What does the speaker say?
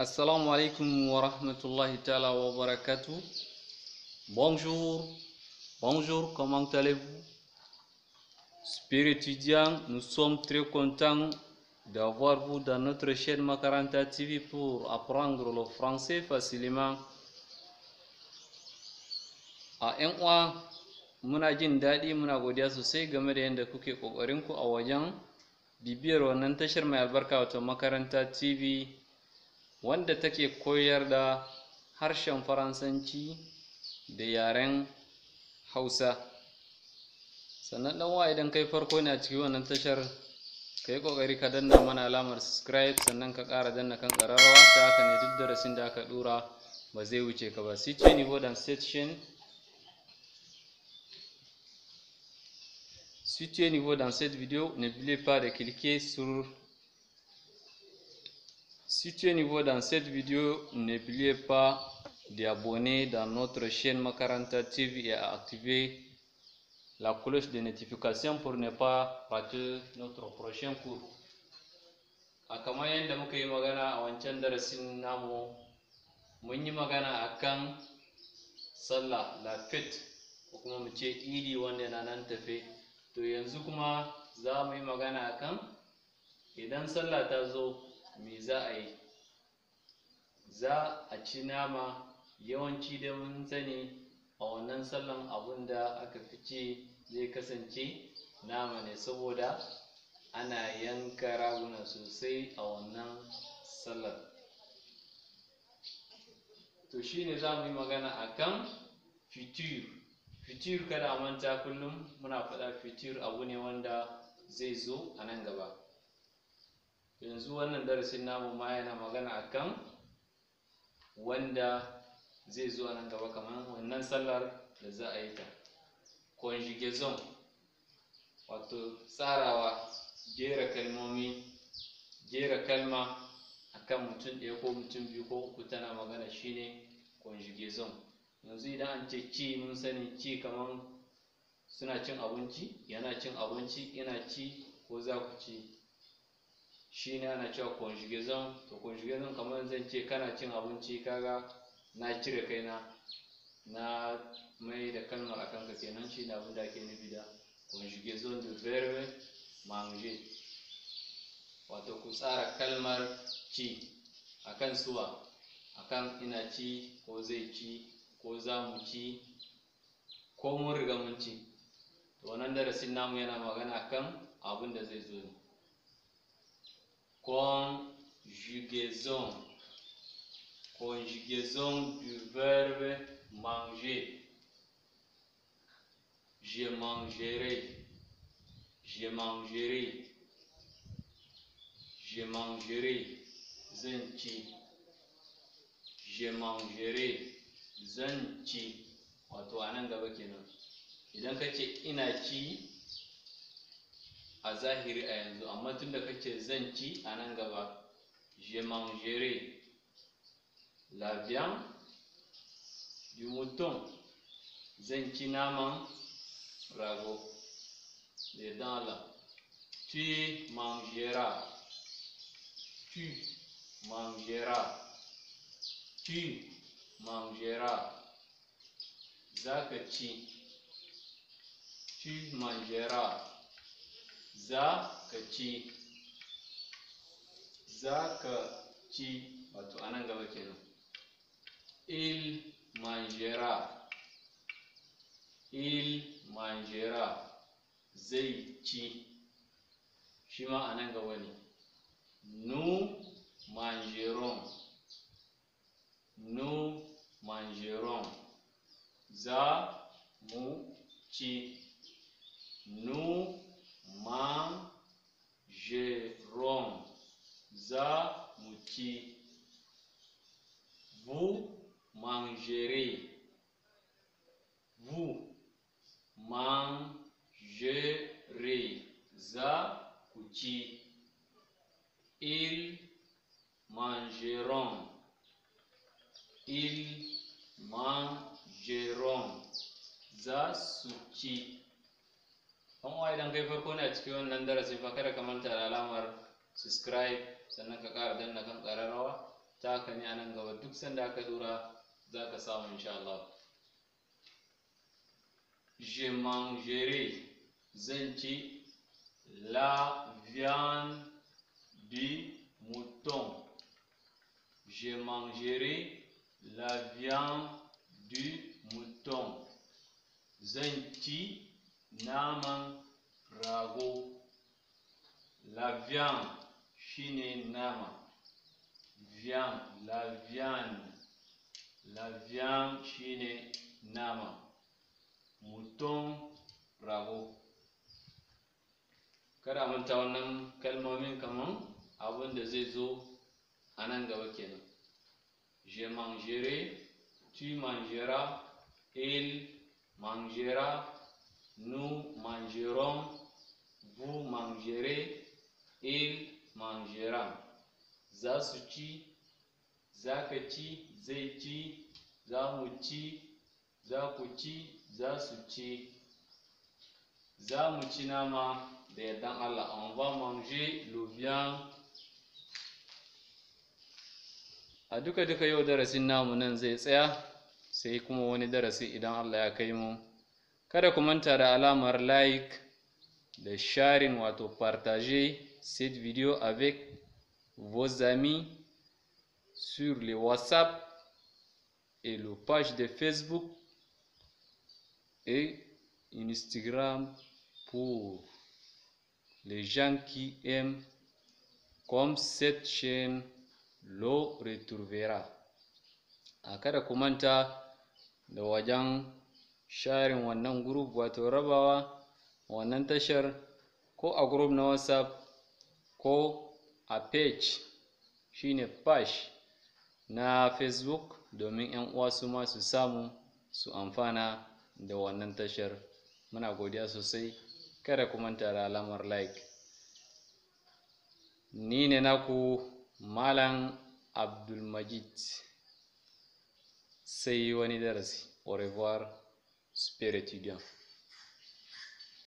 Assalamu alaikum wa rahmatullahi ta'ala wa barakatu. Bonjour, bonjour, comment allez-vous? Spiritudiens, nous sommes très contents d'avoir vous dans notre chaîne Macaranta TV pour apprendre le français facilement. A ‘yan uwa muna jin daɗi muna godiya sosai game da yadda kuke ƙoƙarinku a wajen bibiyar wannan tashar mai albarka wato Makaranta TV. wanda take koyar da harshen faransanci da yaren hausa sannan ɗanwa idan kai farko ne a cikin wannan tashar ka yi ƙoƙari ka danna mana alamar subscribe sannan ka ƙara danna kan ƙararrawa ta haka ne duk darasin da ka ɗora ba zai wuce ka ba sai ni niveau section Si tu es dans cette vidéo, n'oubliez pas de cliquer sur Si tu es nouveau dans cette vidéo, n'oubliez pas d'abonner dans notre chaîne Macaranta TV et activer la cloche de notification pour ne pas rater notre prochain cours. A kamar yadda muka yi magana a wancan darasin namu, mun yi magana a kan sallah lafit ko kuma mu ce idi wanda na nan tafe. To yanzu kuma za mu yi magana a kan idan sallah ta zo me za a yi za a ci nama yawanci da mun sani a wannan sallan abun da aka fi ce zai kasance nama ne saboda ana yanka raguna sosai a wannan sallar to shi ne za mu yi magana a kan fitir fitir kada a manta kullum muna faɗa fitir abu ne wanda zai zo a nan gaba yanzu wannan darasin namu ma yana magana akan wanda zai zuwa nan gaba kamar wannan sallar da za a yi ta conjugaison wato tsarawa jera kalmomi jera kalma akan mutum ɗaya ko mutum biyu ko uku tana magana shine conjugaison yanzu idan an ce ci mun sani ci kamar suna cin abinci yana cin abinci yana ci ko za ku ci shine na ana cewa conjugaison to conjugaison kamar zan ce kana cin abinci kaga na cire kaina na mai da kalmar a kanka kenan shi ne abin da ake nufi da conjugaison de verbe manger wato ku tsara kalmar ci a kan suwa a kan ina ci ko zai ci ko za mu ci ko mun riga mun ci to wannan darasin namu yana magana kan abin da zai zo ne Conjugaison. Conjugaison du verbe manger. Je mangerai. Je mangerai. Je mangerai. zenti Je mangerai. zenti Wato a kenan. ina a zahiri a yanzu amma tunda kace zan je mangerai la viande du mouton zan naman rago les dents là tu mangeras tu mangeras tu mangeras zaka ci tu mangeras za ka ci za ka ci wato a nan gaba kenan il manjera il manjera zai ci shi ma a nan gaba ne nu manjeron nu manjeron za mu ci nu mangerons à mouti. Vous mangerez. Vous mangerez à mouti. Ils mangeront. Ils mangeront. mouti an wa kai farko na cikin wannan darasi fa kada ka manta da alamar subscribe sannan ka kara danna kan ƙararrawa ta haka ne a nan gaba duk sanda aka dora za ka samu insha Allah je mangerai zan ci la viande du mouton je mangerai la viande du mouton zan ci naman rago la viande shine nama viande la viande la viande shine nama mutum rago kada manta wannan kalmomin kaman abin da zai zo a nan gaba kenan je mangerai tu mangeras il mangera Nous mangerons, vous mangerez, il mangera. Zasuchi, su ci, za ka ci, zai ci, za mu ci, nama da Allah, on va manger le viande a duka duka yau darasin namu nan zai tsaya sai kuma wani darasi idan Allah ya kai mu kada ku manta da alamar like da sharing wato partage cette video avec vos amis sur le whatsapp et le page de facebook et instagram pour les gens qui aiment comme cette chaîne lo retrouvera a ah, kada ku manta da wajen sharin wannan group wato rabawa wannan tashar ko a group na whatsapp ko a page shine page na facebook domin 'yan uwa su ma su samu su amfana da wannan tashar muna godiya sosai kada ku manta da alamar like ni ne naku malam abdulmajid sai wani darasi au revoir сперетиге